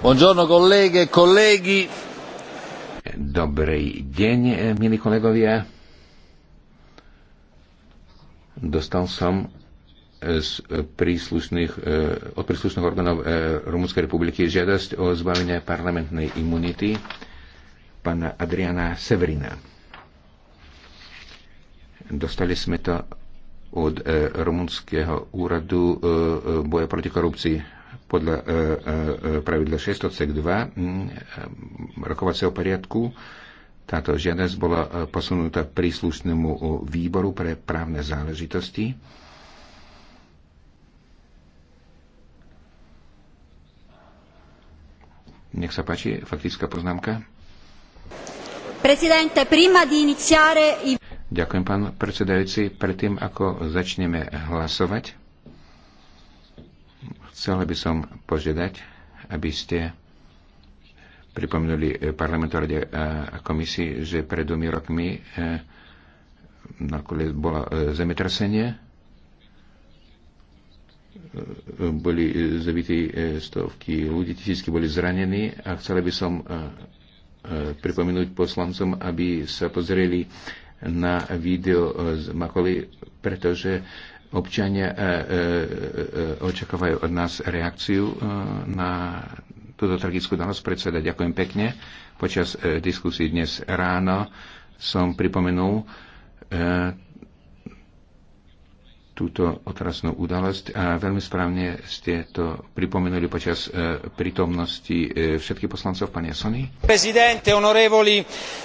Buongiorno. colleghe e colleghi. Dobrý deň, eh, milí kolegovia. Dostal som eh, z eh, príslušných, od príslušných orgánov Rumunskej republiky žiadosť o zbavenie parlamentnej imunity pána Adriana Severina. Dostali sme to od e, rumunského úradu e, e, boja proti korupcii podľa pravidla 602 rokovacieho poriadku. Táto žiadosť bola posunutá príslušnému výboru pre právne záležitosti. Nech sa páči, faktická poznámka. Prezidente, prima di iniziare i... Ďakujem, pán predsedajúci. Predtým, ako začneme hlasovať, chcela by som požiadať, aby ste pripomenuli parlamentu a komisii, že pred dvomi rokmi e, nakoniec bolo e, zemetrasenie, e, boli zabití stovky ľudí, tisícky boli zranení a chcela by som pripomenúť poslancom, aby sa pozreli na video e, z Makoli, pretože občania e, e, očakávajú od nás reakciu na túto tragickú danosť. Predseda, ďakujem pekne. Počas diskusí dnes ráno som pripomenul túto otrasnú udalosť a veľmi správne ste to pripomenuli počas prítomnosti všetkých poslancov, pani Sony. Prezidente, onorevoli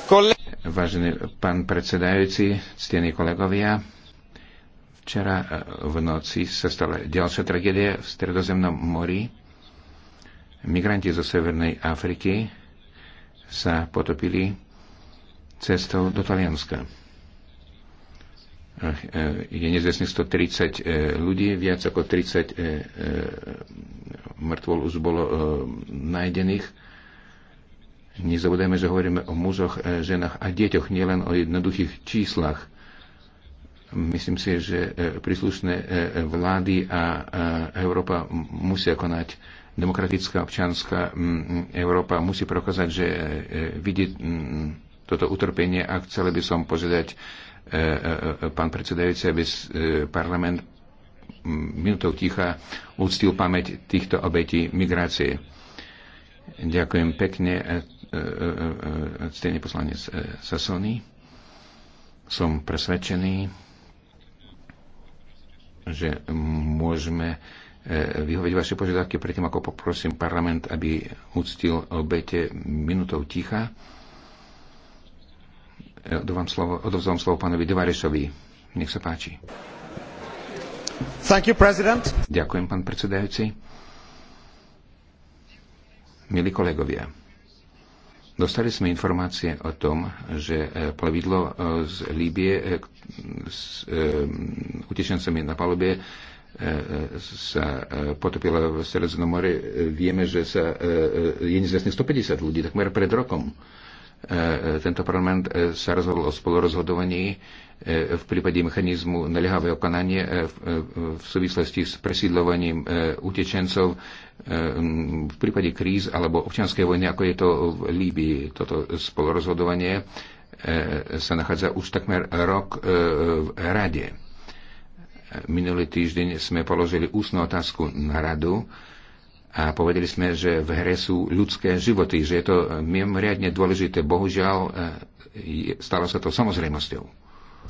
kolegy. Vážený pán predsedajúci, ctení kolegovia, včera e, v noci sa stala ďalšia tragédia v Stredozemnom mori. Migranti zo Severnej Afriky sa potopili cestou do Talianska. E, e, je nezvestných 130 ľudí, viac ako 30 mŕtvol už bolo nájdených Nezabudajme, že hovoríme o mužoch, e, ženách a deťoch, nielen o jednoduchých číslach. Myslím si, že e, príslušné e, vlády a Európa musia konať. Demokratická občanská Európa musí prokázať, že vidí toto utrpenie a chcel by som požiadať pán predsedajúci, aby parlament minutou ticha uctil pamäť týchto obetí migrácie. Ďakujem pekne. E, e, e, ctený poslanec Sassoni. Som presvedčený, že môžeme vyhovieť vaše požiadavky predtým, ako poprosím parlament, aby uctil obete minutou ticha. Odovzdávam slovo, odovzdám slovo pánovi Devarešovi. Nech sa páči. Thank you, president. Ďakujem, pán predsedajúci. Milí kolegovia, Dostali sme informácie o tom, že e, plavidlo e, z Líbie e, s utečencami na palube sa potopilo v Sredozemnom more. Vieme, že sa je nezvestných 150 ľudí takmer pred rokom. E, e, tento parlament e, sa rozhodol o spolurozhodovaní v prípade mechanizmu naliehavého konania v súvislosti s presídľovaním utečencov v prípade kríz alebo občianskej vojny, ako je to v Líbii. Toto spolurozhodovanie sa nachádza už takmer rok v rade. Minulý týždeň sme položili ústnu otázku na radu, a povedali sme, že v hre sú ľudské životy, že je to eh, mimoriadne dôležité. Bohužiaľ, eh, stalo sa to samozrejmosťou.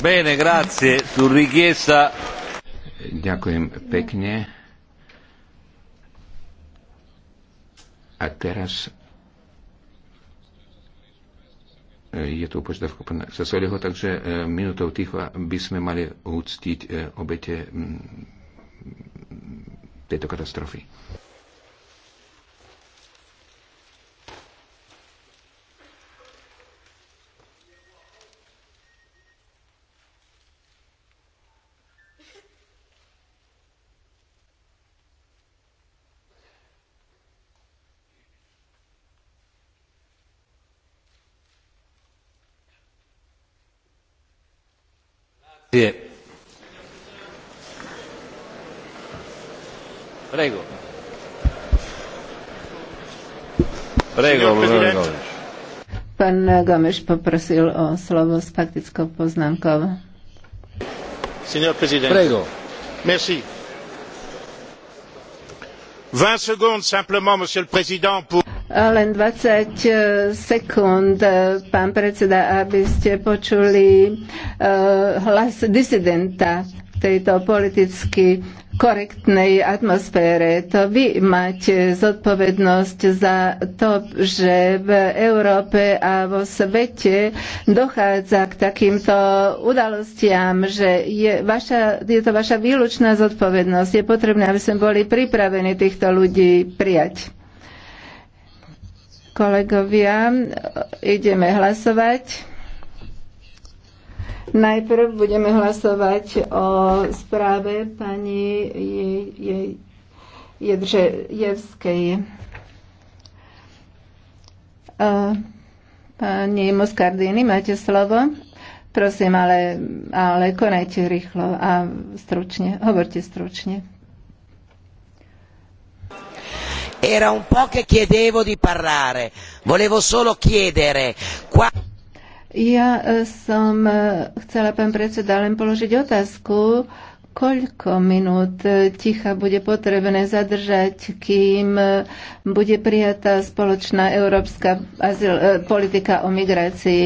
Bene, grazie, su richiesta... Ďakujem pekne. A teraz eh, je tu požiadavka pána Sasoliho, takže minútou ticho by sme mali úctiť obete mm, tejto katastrofy. Je. Prego. Prego, Pán Gomeš poprosil o slovo s faktickou poznámkou. Signor Presidente. Prego. Merci. 20 secondes simplement, Monsieur le Président, pour len 20 e, sekúnd, e, pán predseda, aby ste počuli e, hlas disidenta v tejto politicky korektnej atmosfére. To vy máte zodpovednosť za to, že v Európe a vo svete dochádza k takýmto udalostiam, že je, vaša, je to vaša výlučná zodpovednosť. Je potrebné, aby sme boli pripravení týchto ľudí prijať. Kolegovia, ideme hlasovať. Najprv budeme hlasovať o správe pani Jedržejevskej. E, pani Moskardini, máte slovo. Prosím, ale, ale konajte rýchlo a stručne. Hovorte stručne. era un po' che chiedevo di parlare, volevo solo chiedere. Qua... Ja eh, som eh, chcela, pán predseda, len položiť otázku, koľko minút eh, ticha bude potrebné zadržať, kým bude prijatá spoločná európska azyl, politika o migrácii.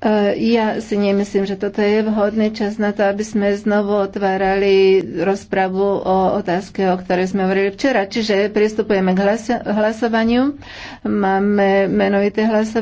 Eh, ja si nemyslím, že toto je vhodný čas na to, aby sme znovu otvárali rozpravu o otázke, o ktorej sme hovorili včera. Čiže pristupujeme k hlasovaniu. Máme menovité hlasovanie.